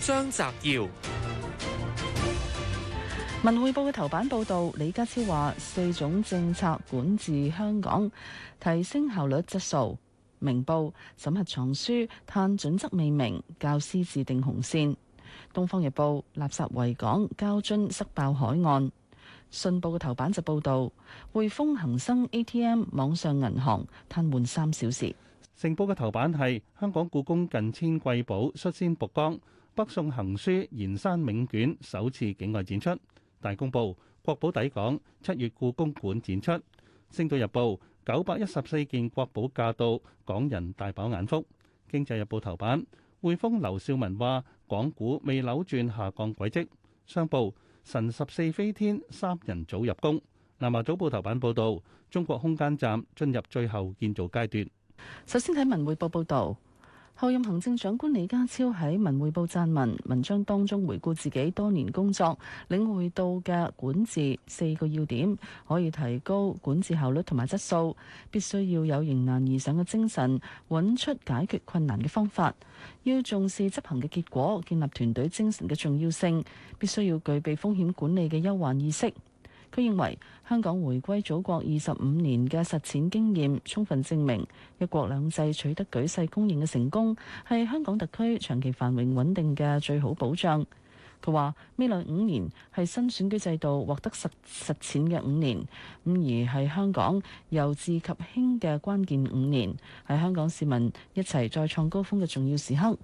張澤耀，《文匯報》嘅頭版報道，李家超話四種政策管治香港，提升效率質素。《明報》審核藏書，嘆準則未明，教師自定紅線。《東方日報》垃圾圍港，膠樽塞，塞爆海岸。《信報》嘅頭版就報道匯豐恒生 ATM 網上銀行癱瘓三小時。《成報》嘅頭版係香港故宮近千貴寶率先曝光。北宋行書《延山銘卷》首次境外展出。大公報：國寶抵港，七月故宮館展出。星島日報：九百一十四件國寶駕到，港人大飽眼福。經濟日報頭版：匯豐劉少文話，港股未扭轉下降軌跡。商報：神十四飛天，三人組入宮。南華早報頭版報道：中國空間站進入最後建造階段。首先睇文匯報報道。候任行政長官李家超喺《文匯報》撰文，文章當中，回顧自己多年工作，領會到嘅管治四個要點，可以提高管治效率同埋質素。必須要有迎難而上嘅精神，揾出解決困難嘅方法。要重視執行嘅結果，建立團隊精神嘅重要性。必須要具備風險管理嘅憂患意識。佢認為香港回歸祖國二十五年嘅實踐經驗，充分證明一國兩制取得舉世公認嘅成功，係香港特區長期繁榮穩定嘅最好保障。佢話：未來五年係新選舉制度獲得實實踐嘅五年，五而係香港由治及興嘅關鍵五年，係香港市民一齊再創高峰嘅重要時刻。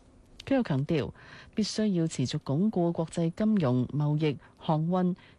佢又強調，必須要持續鞏固國際金融、貿易、航運。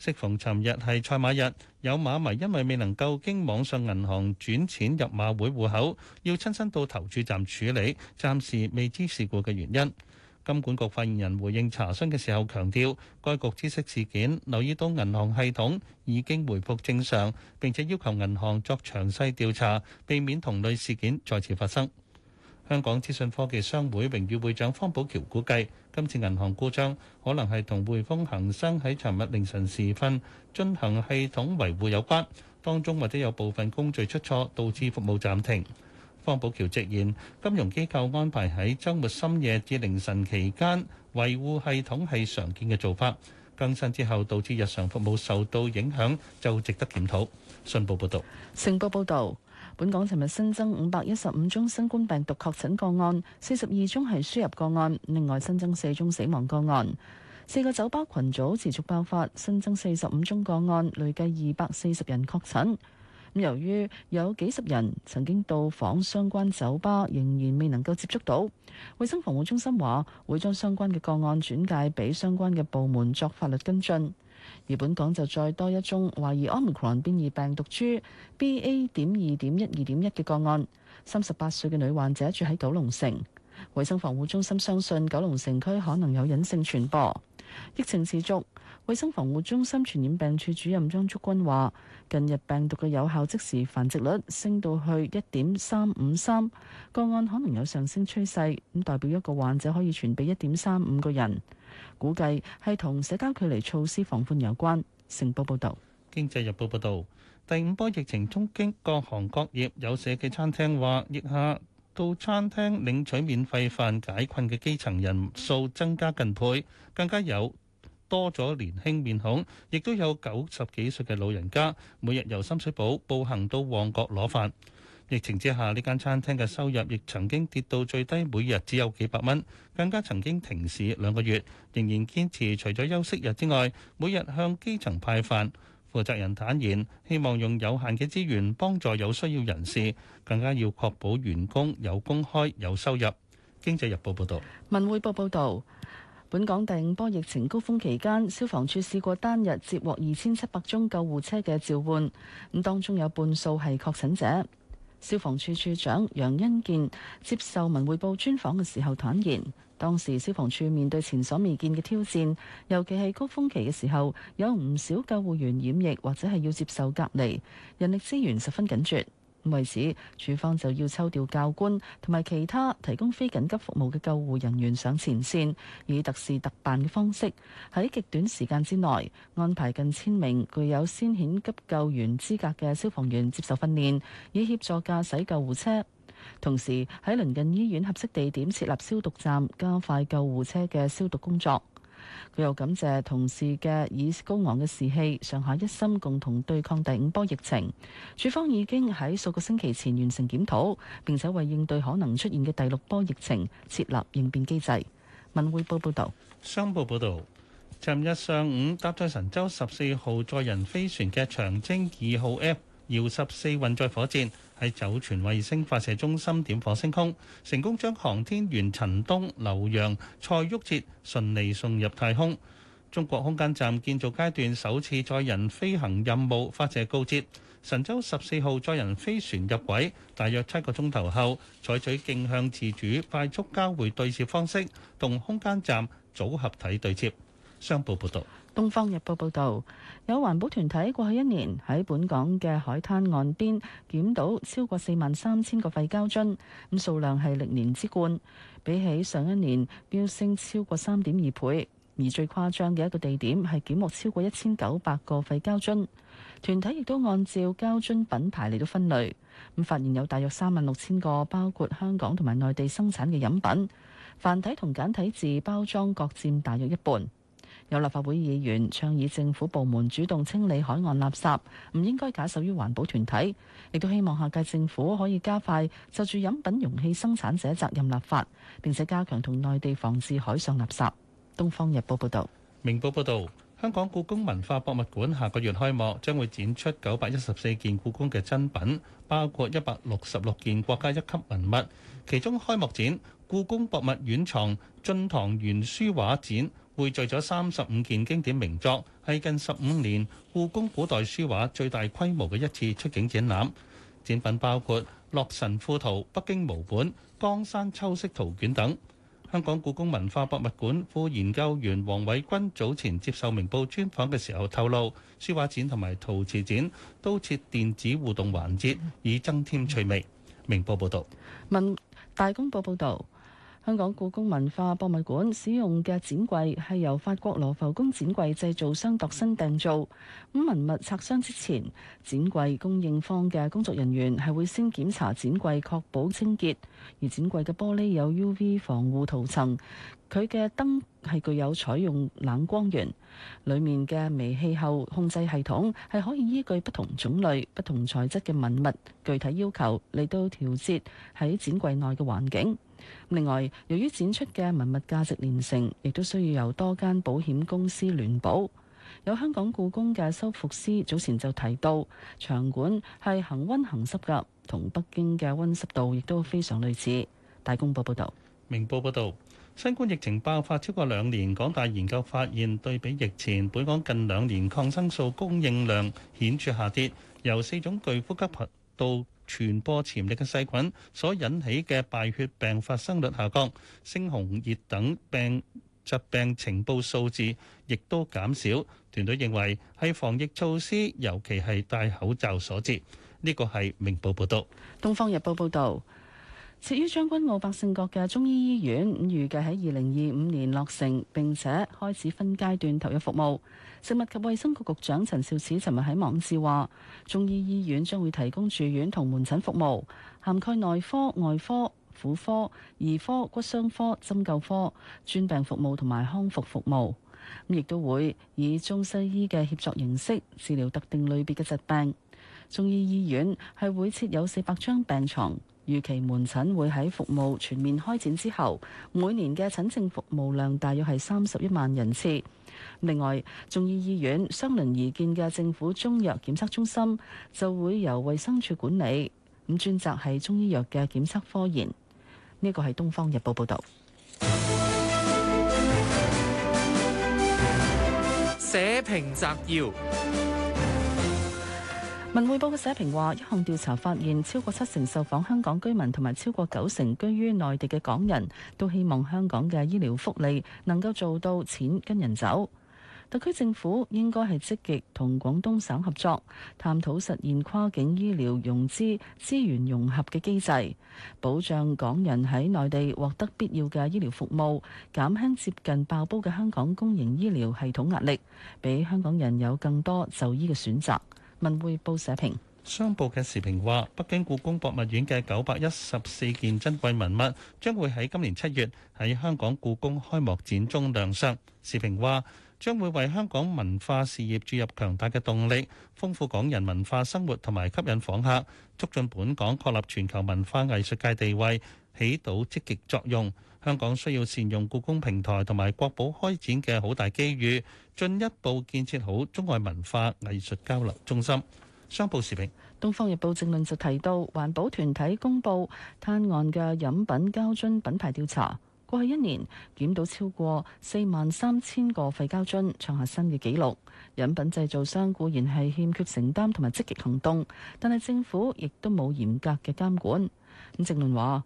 適逢尋日係賽馬日，有馬迷因為未能夠經網上銀行轉錢入馬會戶口，要親身到投注站處理，暫時未知事故嘅原因。金管局發言人回應查詢嘅時候強調，該局知悉事件，留意到銀行系統已經回復正常，並且要求銀行作詳細調查，避免同類事件再次發生。香港資訊科技商會榮譽會長方寶橋估計，今次銀行故障可能係同匯豐、恒生喺尋日凌晨時分進行系統維護有關，當中或者有部分工序出錯，導致服務暫停。方寶橋直言，金融機構安排喺週末深夜至凌晨期間維護系統係常見嘅做法，更新之後導致日常服務受到影響，就值得檢討。信報報導，成報報導。本港尋日新增五百一十五宗新冠病毒確診個案，四十二宗係輸入個案，另外新增四宗死亡個案。四個酒吧群組持續爆發，新增四十五宗個案，累計二百四十人確診。由於有幾十人曾經到訪相關酒吧，仍然未能夠接觸到，衛生防護中心話會將相關嘅個案轉介俾相關嘅部門作法律跟進。而本港就再多一宗懷疑 Omicron 變異病毒株 BA. 點二點一二點一嘅個案，三十八歲嘅女患者住喺九龍城。衛生防護中心相信九龍城區可能有隱性傳播，疫情持續。衛生防護中心傳染病處主任張竹君話，近日病毒嘅有效即時繁殖率升到去一點三五三，個案可能有上升趨勢，咁代表一個患者可以傳俾一點三五個人。估計係同社交距離措施放寬有關。成報報道，經濟日報報道，第五波疫情衝擊各行各業，有社企餐廳話，疫下。到餐廳領取免費飯解困嘅基層人數增加近倍，更加有多咗年輕面孔，亦都有九十幾歲嘅老人家每日由深水埗步行到旺角攞飯。疫情之下，呢間餐廳嘅收入亦曾經跌到最低，每日只有幾百蚊，更加曾經停市兩個月，仍然堅持除咗休息日之外，每日向基層派飯。負責人坦言，希望用有限嘅資源幫助有需要人士，更加要確保員工有工開有收入。經濟日報報道，文匯報報導，本港第五波疫情高峰期間，消防處試過單日接獲二千七百宗救護車嘅召喚，咁當中有半數係確診者。消防處處長楊恩健接受文匯報專訪嘅時候坦言。當時消防處面對前所未見嘅挑戰，尤其係高峰期嘅時候，有唔少救護員染疫或者係要接受隔離，人力資源十分緊絀。為此，處方就要抽調教官同埋其他提供非緊急服務嘅救護人員上前線，以特事特辦嘅方式，喺極短時間之內安排近千名具有先遣急救員資格嘅消防員接受訓練，以協助駕駛救護車。同時，喺鄰近醫院合適地點設立消毒站，加快救護車嘅消毒工作。佢又感謝同事嘅以高昂嘅士氣，上下一心共同對抗第五波疫情。處方已經喺數個星期前完成檢討，並且為應對可能出現嘅第六波疫情設立應變機制。文匯報報道：「商報報道，尋日上午搭載神舟十四號載人飛船嘅長征二號 F。遙十四運載火箭喺酒泉衛星發射中心點火升空，成功將航天員陳冬、劉洋、蔡旭哲順利送入太空。中國空間站建造階段首次載人飛行任務發射告捷。神舟十四號載人飛船入軌，大約七個鐘頭後，採取徑向自主快速交會對接方式，同空間站組合體對接。商報報道。《東方日報》報導，有環保團體過去一年喺本港嘅海灘岸邊檢到超過四萬三千個廢膠樽，咁數量係歷年之冠，比起上一年飆升超過三點二倍。而最誇張嘅一個地點係檢獲超過一千九百個廢膠樽。團體亦都按照膠樽品牌嚟到分類，咁發現有大約三萬六千個包括香港同埋內地生產嘅飲品，繁體同簡體字包裝各佔大約一半。有立法會議員倡議政府部門主動清理海岸垃圾，唔應該假手於環保團體，亦都希望下屆政府可以加快就住飲品容器生產者責任立法，並且加強同內地防治海上垃圾。《東方日報》報道。《明報》報道，香港故宮文化博物館下個月開幕，將會展出九百一十四件故宮嘅珍品，包括一百六十六件國家一級文物，其中開幕展《故宮博物院藏晉唐元書畫展》。匯聚咗三十五件經典名作，係近十五年故宮古代書畫最大規模嘅一次出境展覽。展品包括《洛神賦圖》、《北京摹本》、《江山秋色圖卷》等。香港故宮文化博物館副研究員黃偉軍早前接受明報專訪嘅時候透露，書畫展同埋陶瓷展都設電子互動環節，以增添趣味。明報報導，文大公報報導。香港故宮文化博物館使用嘅展櫃係由法國羅浮宮展櫃製造商度身訂造。咁文物拆箱之前，展櫃供應方嘅工作人員係會先檢查展櫃，確保清潔。而展櫃嘅玻璃有 UV 防護塗層，佢嘅燈係具有採用冷光源，裡面嘅微氣候控制系統係可以依據不同種類、不同材質嘅文物具體要求嚟到調節喺展櫃內嘅環境。另外，由於展出嘅文物價值連城，亦都需要由多間保險公司聯保。有香港故宮嘅修復師早前就提到，場館係恆溫恆濕嘅，同北京嘅溫濕度亦都非常類似。大公報報道。明報報道。新冠疫情爆發超過兩年，港大研究發現對比疫前，本港近兩年抗生素供應量顯著下跌，由四種具呼吸道傳播潛力嘅細菌所引起嘅敗血病發生率下降，猩紅熱等病疾病情報數字亦都減少。團隊認為係防疫措施，尤其係戴口罩所致。呢、這個係明報報道，東方日報報道。至於將軍澳百勝角嘅中醫醫院，預計喺二零二五年落成並且開始分階段投入服務。食物及衛生局局長陳肇始尋日喺網誌話，中醫醫院將會提供住院同門診服務，涵蓋內科、外科、婦科、兒科、骨傷科、針灸科、專病服務同埋康復服務。亦都會以中西醫嘅協作形式治療特定類別嘅疾病。中醫醫院係會設有四百張病床。預期門診會喺服務全面開展之後，每年嘅診症服務量大約係三十一萬人次。另外，中醫醫院相鄰而建嘅政府中藥檢測中心就會由衛生署管理，咁專責係中醫藥嘅檢測科研。呢個係《東方日報》報道。社評摘要。文匯報嘅社評話，一項調查發現，超過七成受訪香港居民同埋超過九成居於內地嘅港人都希望香港嘅醫療福利能夠做到錢跟人走。特區政府應該係積極同廣東省合作，探討實現跨境醫療融資資源融合嘅機制，保障港人喺內地獲得必要嘅醫療服務，減輕接近爆煲嘅香港公營醫療系統壓力，俾香港人有更多就醫嘅選擇。文匯報社評。商報嘅時評話，北京故宮博物院嘅九百一十四件珍貴文物將會喺今年七月喺香港故宮開幕展中亮相。時評話，將會為香港文化事業注入強大嘅動力，豐富港人文化生活同埋吸引訪客，促進本港確立全球文化藝術界地位，起到積極作用。香港需要善用故宮平台同埋國寶開展嘅好大機遇，進一步建設好中外文化藝術交流中心。商報時評。《東方日報》正論就提到，環保團體公佈灘岸嘅飲品膠樽品牌調查，過去一年檢到超過四萬三千個廢膠樽，創下新嘅紀錄。飲品製造商固然係欠缺承擔同埋積極行動，但係政府亦都冇嚴格嘅監管。咁正論話。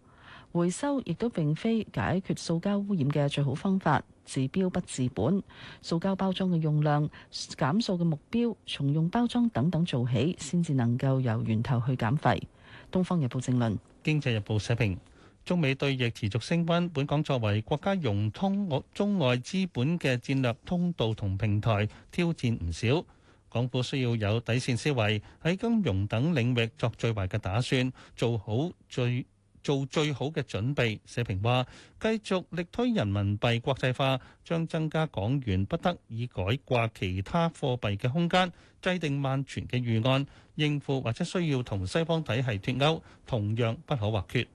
回收亦都並非解決塑膠污染嘅最好方法，治標不治本。塑膠包裝嘅用量減數嘅目標，重用包裝等等做起，先至能夠由源頭去減廢。東方日報正論。經濟日報社評，中美對疫持續升溫，本港作為國家融通中外資本嘅戰略通道同平台，挑戰唔少。港府需要有底線思維，喺金融等領域作最壞嘅打算，做好最。做最好嘅準備。社評話，繼續力推人民幣國際化，將增加港元不得以改掛其他貨幣嘅空間；制定萬全嘅預案，應付或者需要同西方體系脫鈎，同樣不可或缺。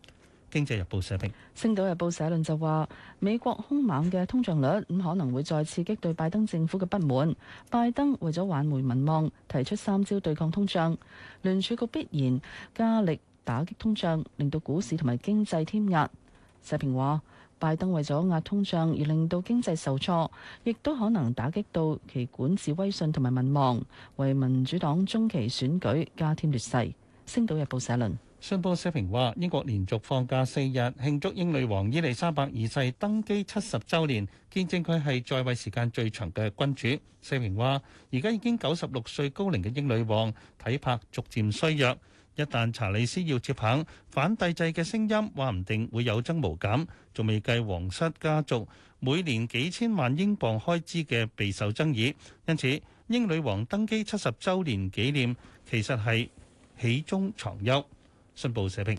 經濟日報社評，星島日報社論就話，美國兇猛嘅通脹率，咁可能會再刺激對拜登政府嘅不滿。拜登為咗挽回民望，提出三招對抗通脹，聯儲局必然加力。打擊通脹，令到股市同埋經濟添壓。社評話，拜登為咗壓通脹而令到經濟受挫，亦都可能打擊到其管治威信同埋民望，為民主黨中期選舉加添劣勢。星島日報社論。新報社評話，英國連續放假四日慶祝英女王伊麗莎白二世登基七十周年，見證佢係在位時間最長嘅君主。社評話，而家已經九十六歲高齡嘅英女王體魄逐漸衰弱。一旦查理斯要接棒，反帝制嘅聲音話唔定會有增無減，仲未計皇室家族每年幾千萬英鎊開支嘅備受爭議，因此英女王登基七十周年紀念其實係喜中藏憂，新報社評。